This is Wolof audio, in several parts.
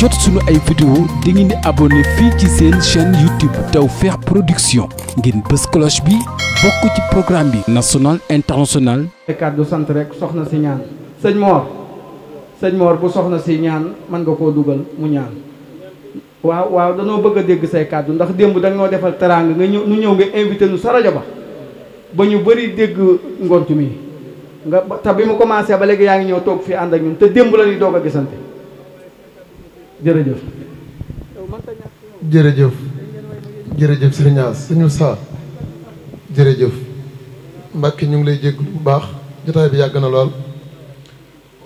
jot suñu ay vidéo da ngeen di abonné fii ci seen chaîne YouTube Tawfekh Production ngir bës cloche bi bokk ci programme bi national international kàddu sant rek soxna si ñaan sëñ Mor sëñ Mor bu soxna si ñaan mën nga koo dugal mu ñaan waaw waaw danoo bëgg a dégg say kàddu ndax démb da nga defal teraanga nga ñëw nu ñëw nga invité nu sa rajo ba ba ñu bëri dégg ngont mi nga te bi mu commencé ba léegi yaa ngi ñëw toog fii ànd ak ñun te démb la ñuy doog a jërëjëf jërëjëf jërëjëf sëriñ As sëñu saa jërëjëf Mbàkke ñu ngi lay jégg bu baax jotaay bi yàgg na lool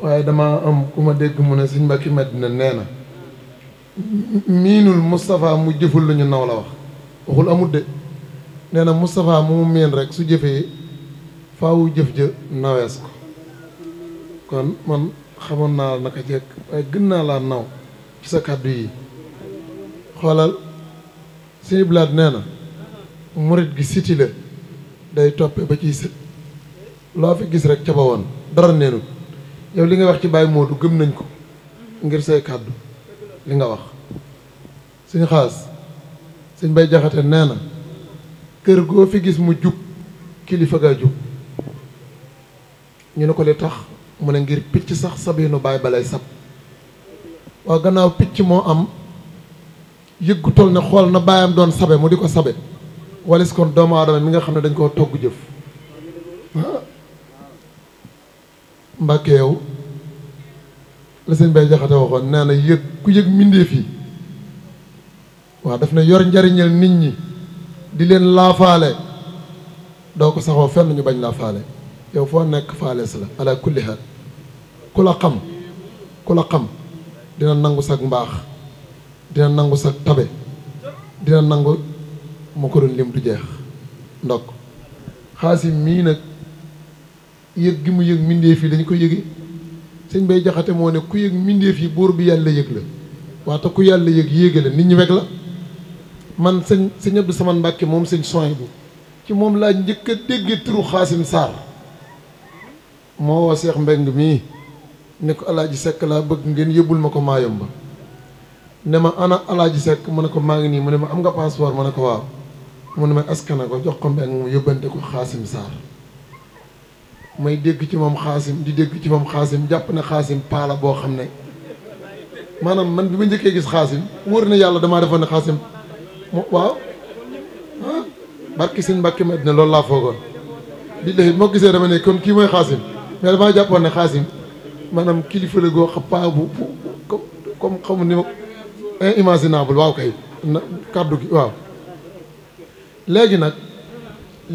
waaye dama am ku ma dégg mu ne suñ mbakki Madina nee na miinul Moustapha mu jëful lu ñu naw la wax waxul amut de nee na Moustapha mu mu miin rek su jëfee faawu jëf ja nawees ko kon man xamoon naa naka jekk waaye gën naa laa naw ci sa kàddu yi xoolal suñu blaat nee na murit gi siti la day toppe ba ciy sët loo fi gis rek ca ba woon dara neenut yow li nga wax ci Baye Modou gëm nañ ko ngir say kàddu li nga wax suñ xas suñ bay jaxate nee na kër goo fi gis mu jub kilifa gaa jub ñu ne ko li tax mu ne ngir picc sax sabinu baay balay sab waa gannaaw picc moo am ku toll ne xool na baayam doon sabe mu di ko sabe walis kon doomu aadama mi nga xam ne dañ koo togg jëf ah. mbàkke yow la sëñ bay jaxate waxoon nee na yëg ku yëg mbindéef yi waaw daf ne yor njariñal nit ñi di leen laafaale doo ko saxoo fenn ñu bañ laa faale yow foo nekk faale si la ala kulli haal ku la xam ku la xam dina nangu sag mbaax dina nangu sag tabe dina nangu moo ko doon lim du jeex ndokk xaasim mii nag yëg gi mu yëg mbindeef yi dañ ko yëge sëñ bay jaxate moo ne ku yëg mbindeef yi buur bi yàlla yëg la waa ku yàlla yëg yéege la nit ñi weg la man sëñ sëñ Abdou Samane Mbàkke moom sëñ soin bu ci moom laa njëkk a dégg turu xaasim Sarr moo woo Seex Mbeng mii ne ko alaaji sekk laa bëgg ngeen yóbbul ma ko Maayomba ne ma ana alaaji sekk mu ne ko maa ngi nii mu ne ma am nga passeport ma ne ko waaw mu ne ma askana ko jox ko mbeng mu yóbbante ko xaasim saar may dégg ci moom xaasim di dégg ci moom xaasim jàpp ne xaasim paala boo xam ne maanaam man bi ma njëkkee gis xaasim wóor na yàlla damaa defoon ne xaasim waaw ah barki sëñ loolu laa foogoon di def moo gisee dama ne kon kii mooy xaasim mais damaa jàppoon ne xaasim maanaam kilifa la goo xam paa bu comme xamu ni ma inimaginable eh, waaw kay kàddu gi waaw léegi nag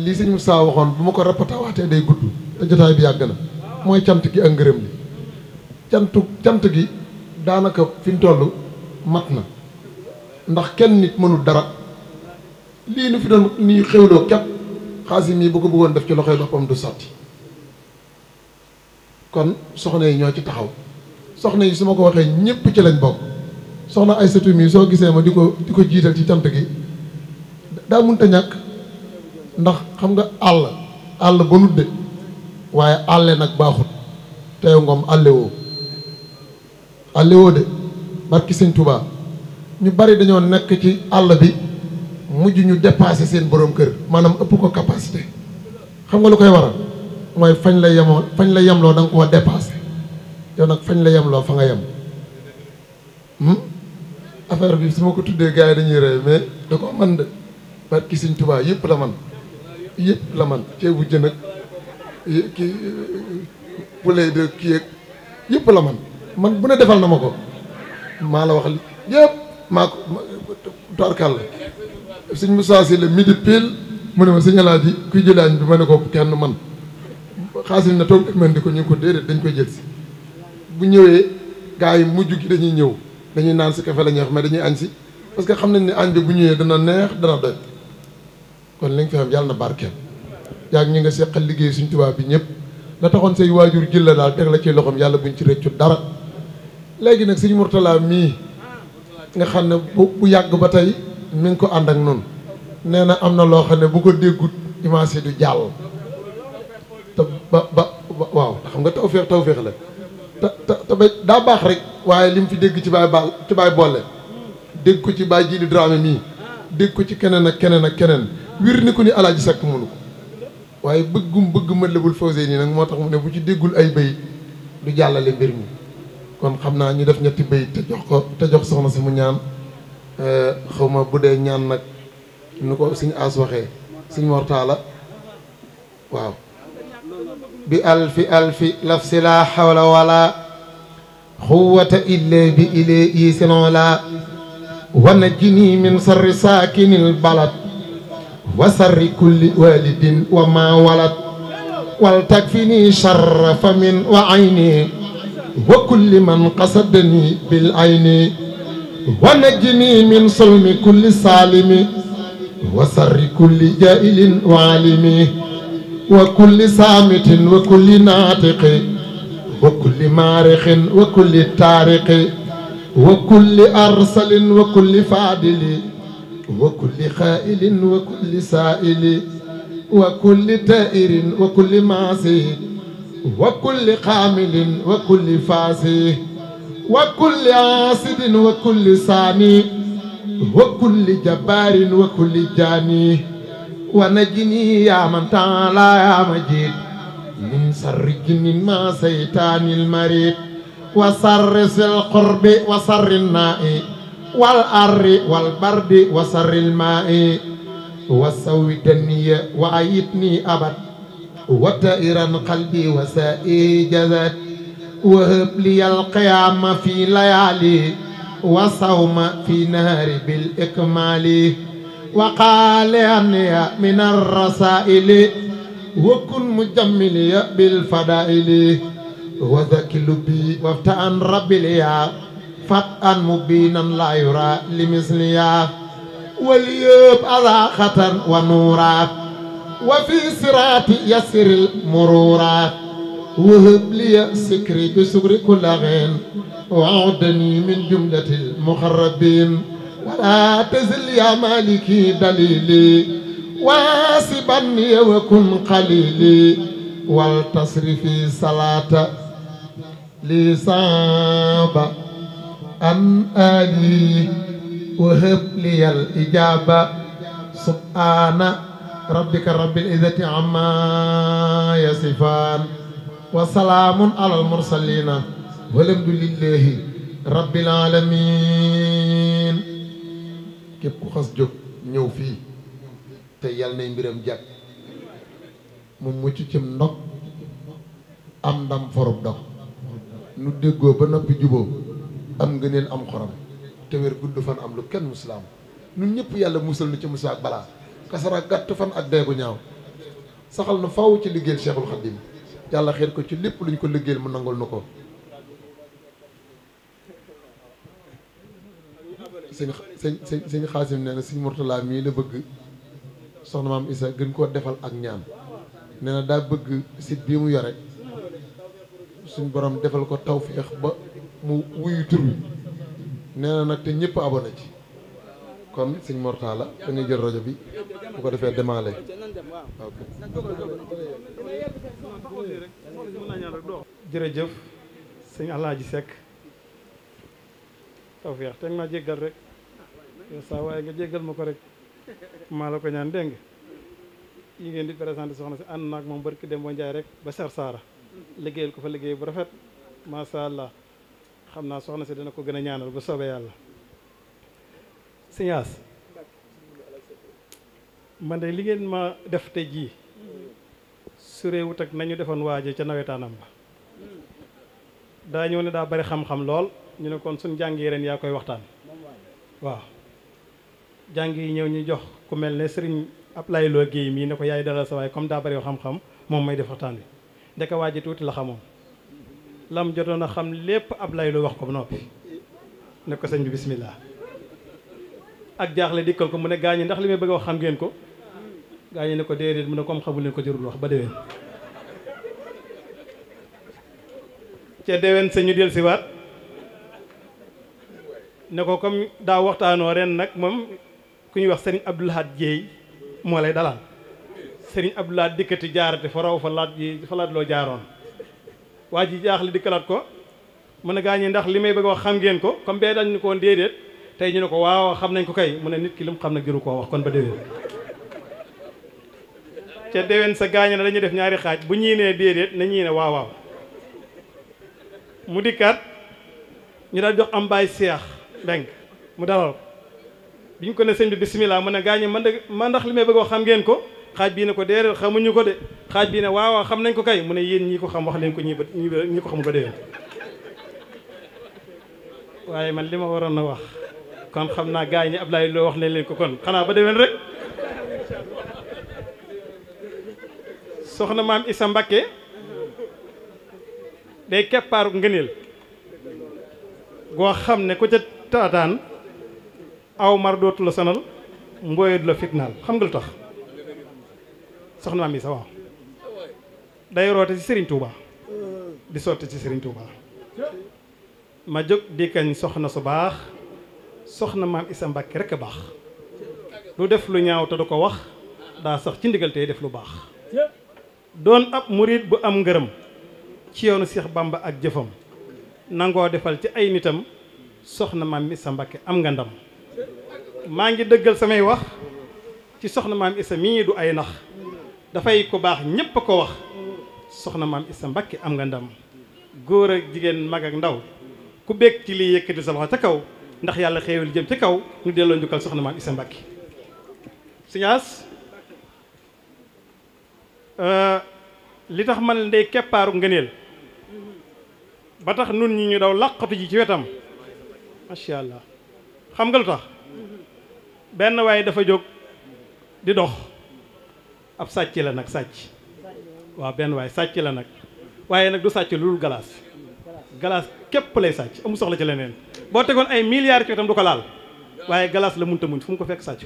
li sëñ saa waxoon bu ma ko rappatawaatee day gudd te jotaay bi yàgg na mooy cant gi ak ngërëm li cantu cant gi daanaka fi ñu toll mat na ndax kenn nit mënul dara lii nu fi doon nii xewloo képp xaasim yi bu ko bëggoon def ci loxoy boppam du sotti kon soxna yi ñoo ci taxaw soxna yi su ma ko waxee ñëpp ci lañ bokk soxna ay satu mi soo gisee ma di ko di ko jiital ci cant gi daa munta ñàkk ndax xam nga àll àll ba nudde waaye àlle nag baaxut teew ngoom àlle woo àlle woo de barki sëñ Tuubaa ñu bari dañoo nekk ci àll bi mujj ñu dépassé seen borom kër maanaam ëpp ko capacité xam nga lu koy waral mooy fañ la yemoon fañ la yemloo da nga koo dépassé fañ la yemloo fa nga yem hmm? affaire bi su ma ko tuddee gars yi dañuy rey mais da ko man de barki Sëñ Tuubaa yëpp la man yëpp la man ceebu jën ak eh, kii eh, poulet de kii ak yëpp la man man bu ne defal na ma ko maa la wax yëpp maa ko torkal la sëñ Moussa Si la midi pile mu ne ma sëñ Alaaji kuy jëlaañ bi ma ne ko kenn man xaasim na toog ëgmandi ko ñu ko déedéet dañ koy jël si bu ñëwee gars yi mujj gi dañuy ñëw dañuy naan si kafe la ñuy wax dañuy añ si parce que xam nañ ni añ bi bu ñëwee dana neex dana doy kon li nga xam yàlla na barkeel yaag ñi nga seqal liggéey suñ tubaab bi ñëpp la taxoon say waajur jël la daal teg la ci loxoom yàlla buñ ci rëccu dara léegi nag sëñ Mourtala mii nga xam ne bu bu yàgg ba tey mi ngi ko ànd ak noonu nee na am na loo xam ne bu ko déggut image du jàll te ba ba waaw xam nga tawféex tawféex la te te te ba daa baax rek waaye li mu fi dégg ci baay baal ci baay boole dégg ko ci baay jili drame nii dégg ko ci keneen ak keneen ak keneen wir ni ko ni alaaji sakk mënu ko waaye bëggum bëgg mën lebul fawsé nii nag moo tax mu ne bu ci déggul ay bayit du jàllale mbir mi kon xam naa ñu def ñetti bayit te jox ko te jox soxna si mu ñaan eh, xaw ma bu dee ñaan nag nu ko suñu aas waxee suñ mortaala waaw بألف ألف لفظ لا حول ولا قوة إلا بإليس العلا ونجني من سر ساكن البلد وسر كل والد وما ولد ولتكفني شر فم وعيني وكل من قصدني بالعين ونجني من صلم كل سالم وسر كل جائل وعالم وكل سامت وكل ناطق وكل مارخ وكل تارق وكل أرسل وكل فاضل وكل خائل وكل سائل وكل تائر وكل معصي وكل قامل وكل فاسي وكل عاصد وكل صاني وكل جبار وكل جاني ونجني يا من تعالى يا مجيد من سر جن ما سيطان المريض وسر القرب وسر الناء والأر والبرد وسر الماء وسوي الدنيا وعيتني أبد وطائرا قلبي وسائي جذت وهب لي القيام في ليالي وصوم في نهار بالإكمال وقال أني من الرسائل وكن مجملي بالفضائل وذكي لبي وافتأ ربي ليا فتأ مبينا لا يرى لمثليا واليوب على خطر ونورا وفي صراط يسر المرورا وهب لي سكري بسكر كل غين وعدني من جملة المخربين ولا تزل يا مالكي دليلي واسبني وكن قليلي والتصرفي صلاة لي صعب أن آلي وهب لي الإجابة سبحان ربك رب العزة عما يصفان وسلام على المرسلين والحمد لله رب العالمين képp ku xas jóg ñëw fii te yàlla nay mbiram jàkk mu mucc cim ndox am ndam forub dox nu déggoo ba noppi juboo am nga neen am xorom te wér gudd fan am lu kenn muslaam ñun ñëpp yàlla musal nu ci musa ak balaa kasara gàtt fan ak deegu ñaaw saxal na faw ci liggéeyal Cheikhul Khadim yàlla xeer ko ci lépp luñ ko liggéeyal mu nangul nu ko sëñ sëñ sëñ xaasim nee na sëñ Mourtala mii la bëgg soxna maam Issa gën koo defal ak ñaan nee na daa bëgg site bii mu yore suñ borom defal ko tawféex ba mu wuyu tur nee na nag te ñëpp abonné ci kon sëñ Mourtala da ngay jël rajo bi bu ko defee demaale ok jërëjëf sëñ Alaaji Seck tawféex te rek yow saa waaye nga jéggal ma ko rek maa la ko ñaan dégg nga yi ngeen di présenté soxna si ànd naag moom barki dem boo rek ba sar saara liggéeyal ko fa liggéey bu rafet macha àlla xam naa soxna si dina ko gën a ñaanal ba soobee yàlla sinaas man de li ma def te jii su réewut ak nañu defoon waaje ca nawetaanam ba daa ñëw ne daa bari xam-xam lool ñu ne kon suñ jàngi ren yaa koy waxtaan waaw jàng yi ñëw ñu jox ku mel ne sëriñ ab Lo Guèye mii ne ko yaay dalal sa waay comme daa bari xam-xam moom may def waxtaan wi ndeke waa ji tuuti la xamoon lam jotoon na xam lépp ab Lo wax ko ba noppi ne ko bi bismillah ak jaaxle dikkal ko mu ne gaañi ndax li may bëgg a wax xam ngeen ko gaañi ne ko déedéet mu ne kom xamul leen ko jërul wax ba déwén ca déwén sëñu del siwaat ne ko comme daa waxtaanoo ren nag moom ku ñuy wax sëriñ Abdou Lahad Dieye moo lay dalal sëriñ Abdou Lahad dikkati jaarate fa raw fa laat ji fa laaj loo jaaroon waa ji jaaxle dikkalaat ko mu ne gaañee ndax li may bëgg wax xam ngeen ko comme bee dañ ñu ko woon déedéet tey ñu ne ko waaw xam nañ ko kay mu ne nit ki li xam nag jëru koo wax kon ba déwén ca déwén sa gaañe na dañuy def ñaari xaaj bu ñii nee déedéet na ñii ne waaw waaw mu dikkaat ñu daal jox am baay seex denk mu dalal biñ ko ne sëñ bi bisimilah mu ne gaañu man de man ndax li may bëgg wax xam ngeen ko xaaj bii ne ko déedéet xamuñu ko de xaaj bii ne waaw xam nañ ko kay mu ne yéen ñi ko xam wax leen ko ñi ba ñi ko xamul ba déwén man li ma waroon na wax kon xam naa gaañ ñi Ablaye loo wax nañ ko kon xanaa ba déwén rek soxna maam Issa Mbakke day keppaaru ngëneel goo xam ne ku ca taataan aw mar dootu la sanal mbooye du la fitnaal xam nga lu tax soxna am yi sa day roote ci Serigne Touba di sotti ci Serigne Touba ma jóg di kañ soxna su baax soxna maam Issa Mbàkke rek a baax lu def lu ñaaw te du ko wax daa sax ci ndigal def lu baax doon ab murit bu am ngërëm ci yoonu Cheikh Bamba ak jëfam nangoo defal ci ay nitam soxna maam Issa Mbàkke am nga ndam maa ngi dëggal samay wax ci soxna maam isa mii du ay nax dafay ko baax ñépp a ko wax soxna maam sa Mbàkke am nga ndam góor ak jigéen mag ak ndaw ku bekk ci lii yëkkati sa loxo ca kaw ndax yàlla xéewal jëm ci kaw ñu delloo njukkal soxna maam isa Mbàkke sinaas euh, li tax man ndey keppaaru ngëneel ba tax nun ñi ñu daw làqatu ji ci wetam macha allah xam nga lu tax benn waaye dafa jóg di dox ab sàcc la nag sàcc waaw benn waaye sàcc la nag waaye nag du sàcc lu dul galaas galaas képp lay sàcc amu soxla ci leneen boo tegoon ay milliards ci wetam du ko laal waaye galaas la munta muñ fu mu ko fekk sàcc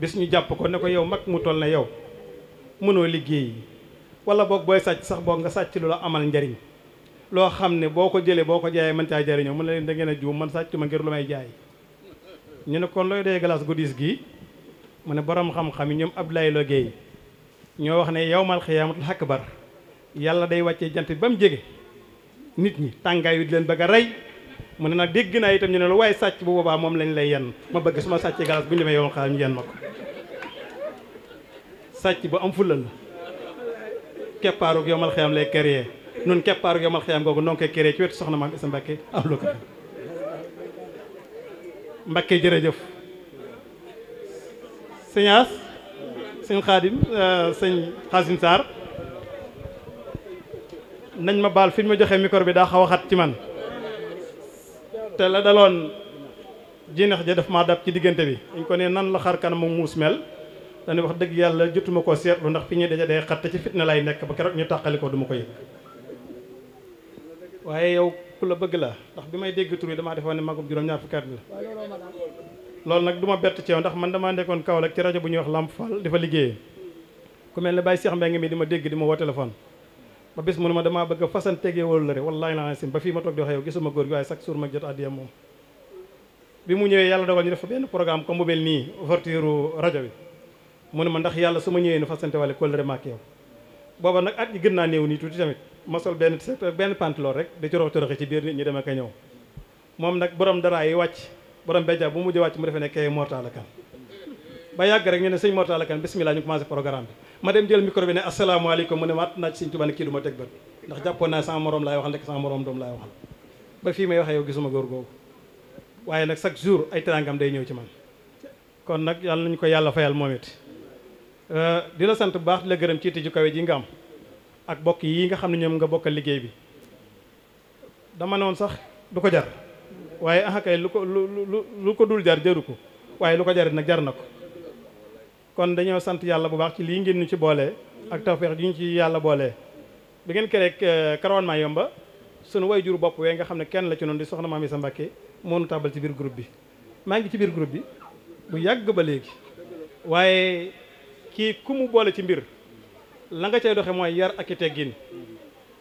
bis suñu jàpp ko ne ko yow mag mu toll ne yow mënoo liggéey wala boog booy sàcc sax boog nga sàcc lu la amal njariñ loo xam ne boo ko jëlee boo ko jaayee mën caa jariñoo mën a leen da a juum man sàcc ma ngir lu may jaay ñu ne kon looy doyee galaas guddiis gi mu ne boroom xam-xam yi ñoom Abdoulaye Lo Guèye ñoo wax ne yawmal xiyaamatul akbar yàlla day wàccee jant ba mu jege nit ñi tàngaay wi di leen bëgg a rey mu ne nag dégg naa itam ñu ne la waaye sàcc bu boobaa moom lañ lay yen ma bëgg su ma sàccee galaas bu ñu demee yawmal xiyaam ñu ma ko sàcc bu am fulla la keppaarug yawmal xiyaam lay créer nun keppaarug yawmal xiyaam googu noo ngi koy créer ci wetu soxna Mbakke jërëjëf sëñ As sëñ Xaadim euh, sëñ Xaasim Sarr nañ ma baal fi ñu ma joxe micro bi daa xaw a xat ci man te la daloon jineex ja def maa dab ci diggante bi dañ ko ne nan la xar kanam muus mel dañuy wax dëgg yàlla jotuma koo seetlu ndax fi ñuy daje day xat te ci fitna lay nekk ba keroog ñu tàqali ko du ma ko yëg waaye yow ku la bëgg la ndax bi may dégg tur yi damaa defoon ne magum juróom-ñaar fukki at la loolu nag du ma bett ci yow ndax man damaa nekkoon kaw Kaolack ci rajo bu ñuy wax Lamp Fall di fa liggéeyee ku mel ne Baye Cheikh Mbengue mi di ma dégg di ma woo téléphone ba bis mu ne ma damaa bëgg a fasanteegee wóolu la rek wallaahi la sim ba fii ma toog di wax yow gisuma góor gi waaye chaque jour ma jot addiya moom bi mu ñëwee yàlla dogal ñu def benn programme comme bu mel nii ouverture rajo bi mu ne ma ndax yàlla su ñëwee ne fasante wale kóllëre ma ak booba nag at yi gën naa néew nii tuuti tamit ma sol benn t-shirt benn pantalon rek di corox coroxi ci biir nit ñi dama ko ñëw moom nag borom daraa yi wàcc borom béja bu mujj wàcc mu defee ne kay Mortalla Kane ba yàgg rek ñu ne sëñ Mortalla Kane bismillah ñu commencé programme bi ma dem jël micro bi ne asalaamaaleykum mu ne ma naaj sëñ Tuubaa ne kii du ma teg bët ndax jàppoon naa sama morom laay waxal nekk sama morom doom laay waxal ba fii may waxee yow gisuma góor googu waaye nag chaque jour ay teraangam day ñëw ci man kon nag yàlla nañu ko yàlla fayal moom it Euh, dina sant bu baax di gërëm ci tiju kawe ji nga am ak bokk yi nga xam ne ñoom nga bokkal liggéey bi dama ne woon sax du ko jar waaye ah lu ko lu lu ko dul jar jaru ko waaye lu ko jarit nag jar na ko kon dañoo sant yàlla bu baax ci lii ngeen ñu ci boolee ak tawfeex ji ñu ci yàlla boole. bi ngeen keree Karawane euh, yomba sunu way juru bopp wee nga xam ne kenn la ci noonu di soxna Maam Isa Mbàkke moo nu tàbbal ci biir groupe bi maa ngi ci biir groupe bi bu yàgg ba léegi kii ku mu boole ci mbir la nga cay doxe mooy yar ak i teggin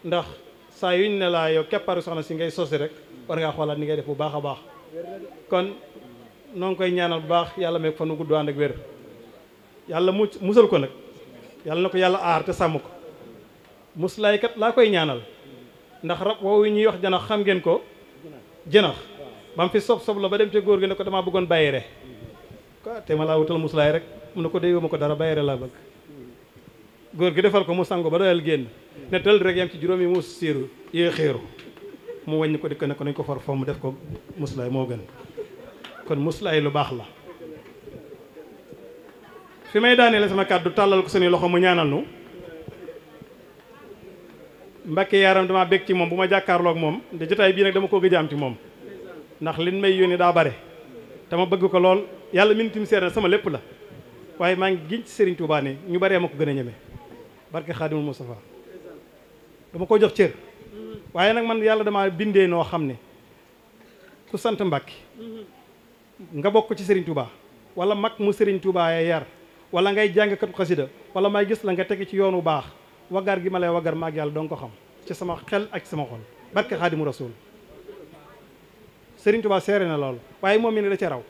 ndax saa yuñ ne laa yow keppaaru soxna si ngay sosi rek war ngaa xoolaat ni ngay def bu baax a baax kon noo ngi koy ñaanal bu baax yàlla meek fa nu gudd ànd ak wér yàlla mu musal ko nag yàlla na ko yàlla aar te sàmm ko muslaay kat laa koy ñaanal ndax rab woowu ñuy wax janax xam ngeen ko jënax ba mu fi sob sob la ba dem ca góor gi ne ko damaa bëggoon bàyyi re te ma laa wutal muslaay rek mu ne ko déyoo ma ko dara bayere laa bëgg góor gi defal ko mu sangu ba doyal génn ne tël rek yam ci juróomi muus siiru yee xéeru mu wàññi ko dikk ne ko nañ ko for foofu mu def ko muslaay moo gën kon muslaay lu baax la fi may daanee la sama kàddu tàllal ko suñu loxo mu ñaanal nu Mbàkke yaaram dama bég ci moom bu ma jàkkaarloog moom de jotaay bii nag dama ko gëj ci moom ndax lin may yónni daa bare te ma bëgg ko lool yàlla min tim sama lépp la waaye maa ngi giñ ci Serigne Touba ne ñu baree ma ko gën a ñeme barke Xaadimul Moustapha dama ko jox cër waaye nag man yàlla damaa bindee noo xam ne ku sant Mbàkke nga bokk ci Serigne Touba wala mag mu sëriñ Touba ya yar wala ngay jàng jàngkatu xasida wala may gis la nga teg ci yoonu baax waggar gi ma lay waggar maag yàlla dong ko xam ci sama xel ak sama xol barke Xaadimu Rasuul Serigne Touba seere na lool waaye moom mi ne da ca raw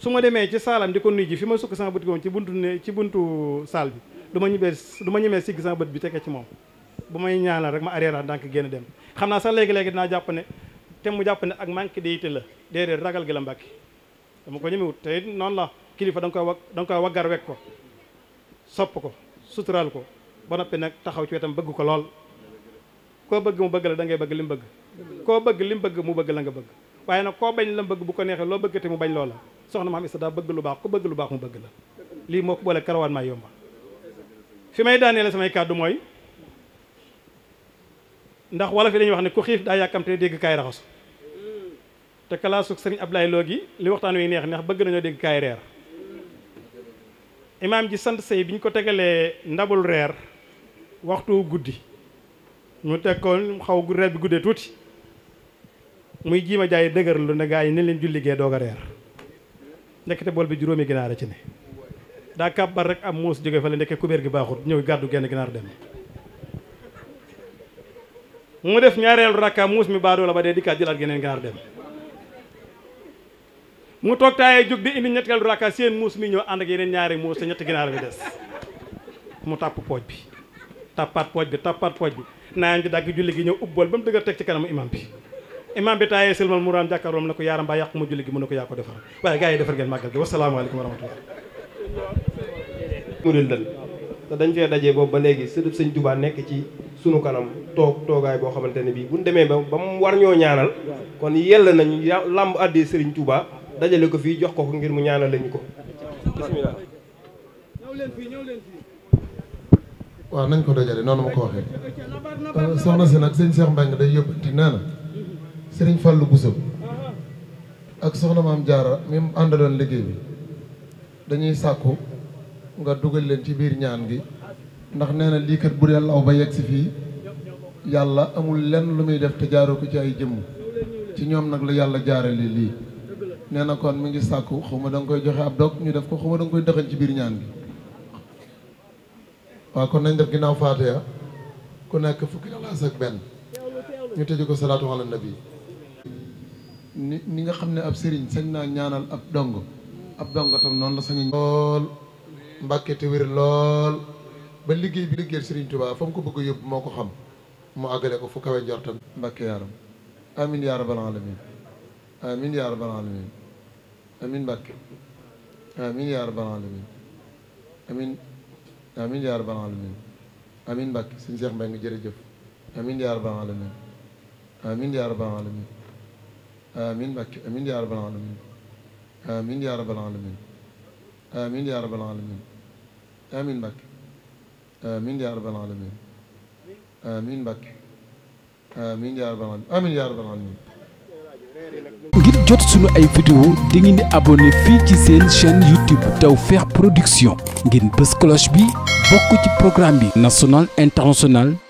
su ma demee ci saalam di ko nuy ji fi ma sukk sama bët moom ci buntu ne ci buntu saal bi du ma ñibee du ma ñemee sigg sama bët bi tekkee ci moom bu may ñaanal rek ma arrière ndànk génn dem xam naa sax léegi-léegi dinaa jàpp ne te mu jàpp ne ak manque de yitte la déedéet ragal gi la mbàkki ma ko ñemewut te noon la kilifa da nga koy wa da nga koy waggar wekk ko sopp ko sutural ko ba noppi nag taxaw ci wetam bëgg ko lool koo bëgg mu bëgg la dangay bëgg li bëgg koo bëgg li mu bëgg mu bëgg la nga bëgg waaye nag koo bañ la mu bu ko neexee loo bëgg mu bañ loola soxna maam isa daa bëgg lu baax ku bëgg lu baax mu bëgg la lii moo ko boole karawaan maa yomba fi may daaneele samay kàddu mooy ndax wala fi dañuy wax ne ku xiif daa yàkkamte dégg kaay raxasu te kalaasu sëriñ Ablaye Lo gi li waxtaan wi neex neex bëgg nañoo dégg kaay reer imaam ji sant sëy bi ñu ko tegalee ndabul reer waxtu guddi ñu teg ko xaw reer bi guddee tuuti muy jiima jaay dëgër lu ne gaa yi ni leen julli gee doog reer ndekete bool bi juróomi ginaar a ci ne daa kàbbar rek am muus jóge fale ndekke kubéer gi baaxut ñëw gàddu genn ginaar dem mu def ñaareelu rakka muus mi baadoo la ba dee dikkaat jëlaat geneen ginaar dem mu toog jub jóg di indi ñetteelu rakka seen muus mi ñëw ànd ak yeneen ñaari muus te ñetti ginaar bi des mu tàpp pooj bi tàppaat pooj bi tàppaat pooj bi naan ji dagg julli gi ñëw bool ba mu dëgg teg ci kanamu imam bi imam bi taayee sëlmal muraam jàkkaaroom na ko yaaram baa yàqu ma julli gi mu ne ko yaa ko defar waaye gars yi defar ngeen màggal gi wasalaamaaleykum wa ba léegi sëdëb sëñ Tuubaa nekk ci sunu kanam toog toogaay boo xamante ne bii buñ demee ba ba mu war ñoo ñaanal kon yell nañ làmb àddee sëriñ Tuubaa dajale ko fii jox ko ngir mu ñaanal lañu ko bismillah ko dajale noonu ma ko waxee euh, soxna si nag sëñ Cheikh day yóbbati nee na sëriñ Fallou Bousso ak soxna am Diarra mi mu àndaloon liggéey bi dañuy sàkku nga dugal leen ci biir ñaan gi ndax nee na lii kat bu dee law ba yegg si fii yàlla amul lenn lu muy def te jaaroo ko ci ay jëmm ci ñoom nag la yàlla jaarale lii nee na kon mi ngi sàkku xaw ma da koy joxe ab dog ñu def ko xaw ma da koy dëxañ ci biir ñaan gi waaw kon nañ def ginnaaw faatiha ku nekk fukki alaas ak benn ñu tëju ko salaatu ala nabi ni ni nga xam ne ab sëriñ sañ naa ñaanal ab dong ab dong tam noonu la sañ lool mbàkke te wér lool ba liggéey bi liggéeyal sëriñ Tuubaa fa mu ko bëgg yóbbu moo ko xam mu àggale ko fu kawe njortam mbàkke yaaram amin yaa rabbal alamin amin yaa rabbal alamin amin mbàkke amin yaa rabbal alamin amin amin yaa rabbal alamin amin mbàkke Seex Mbay nga jërëjëf amin yaa rabbal alamin amin yaa rabbal alamin amin Mbàkke amin yaa rabbal alamin amin ngir jot sunu ay vidéo di ngeen di abonné fii ci seen chaîne YouTube Tawfekh Production ngeen bës cloche bi bokk ci programme bi national international